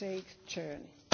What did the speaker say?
safe journey.